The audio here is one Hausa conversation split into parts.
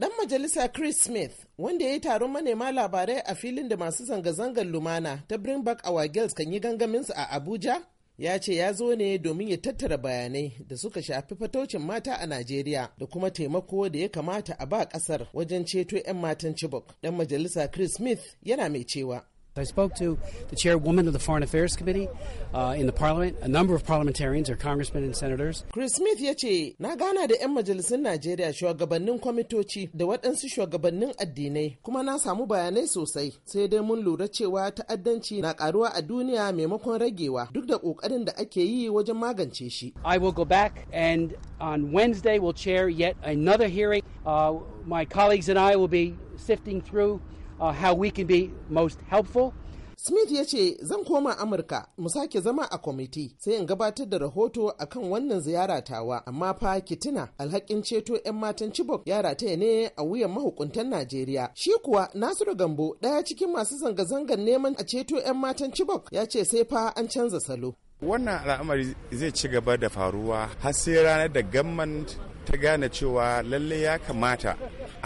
Ɗan majalisa Chris Smith, wanda ya yi taron manema labarai a filin da masu zanga-zangar lumana ta Bring Back Our Girls kan yi gangaminsu a Abuja, ya ce ya zo ne domin ya tattara bayanai da suka shafi fatocin mata a Najeriya da kuma taimako da ya kamata a ba ƙasar wajen ceto 'yan matan Chibok. Dan majalisa Chris Smith yana mai cewa. I spoke to the chairwoman of the Foreign Affairs Committee uh, in the Parliament, a number of parliamentarians or congressmen and senators. Chris Smith ya ce, na gana da 'yan majalisun Najeriya shugabannin kwamitoci da waɗansu shugabannin addinai kuma na samu bayanai sosai sai dai mun lura cewa ta'addanci na karuwa a duniya maimakon ragewa duk da ƙoƙarin da ake yi wajen magance shi. I will go back and on Wednesday we will chair yet another hearing. Uh, my colleagues and I will be sifting through Uh, how we can be most helpful. Smith ya ce zan koma Amurka mu sake zama a kwamiti sai in gabatar da rahoto a kan wannan ziyara tawa amma fa kitina alhakin ceto 'yan matan Chibok yara taya ne a wuyan mahukuntan Najeriya. Shi kuwa Nasiru Gambo ɗaya cikin masu zanga-zangar neman a ceto 'yan matan Chibok ya ce sai fa an canza salo. Wannan al'amari zai ci gaba da faruwa har sai ranar da gamman ta gane cewa lalle ya kamata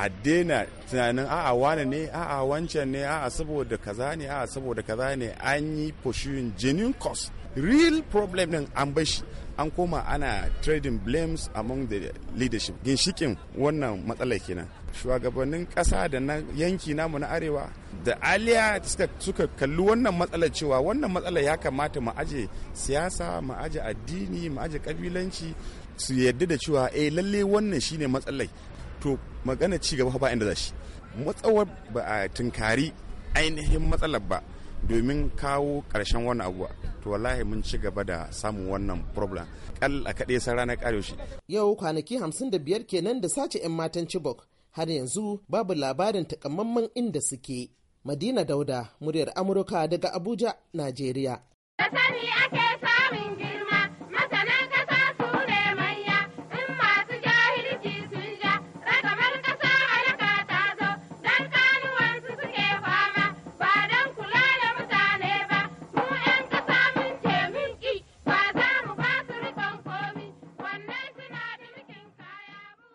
a daina tunanin a'a wane ne a'a wancan ne a'a saboda kaza ne a'a saboda kaza ne an yi pursuing genuine cause real problem din an bashi an koma ana trading blames among the leadership ginshikin wannan matsala kenan shugabannin kasa da na yanki namu na arewa da aliya suka kalli wannan matsalar cewa wannan matsalar ya kamata mu aje siyasa mu aje addini mu aje kabilanci su yadda da cewa eh lalle wannan shine matsalar to magana ci gaba ba inda za shi matsawar ba a tunkari ainihin matsalar ba domin kawo ƙarshen wannan abuwa to wallahi mun ci gaba da samun wannan problem kal a kaɗe san ranar ƙare shi yau kwanaki hamsin da biyar kenan da sace 'yan matan chibok har yanzu babu labarin takamaiman inda suke madina dauda muryar amurka daga abuja najeriya da sani ake samun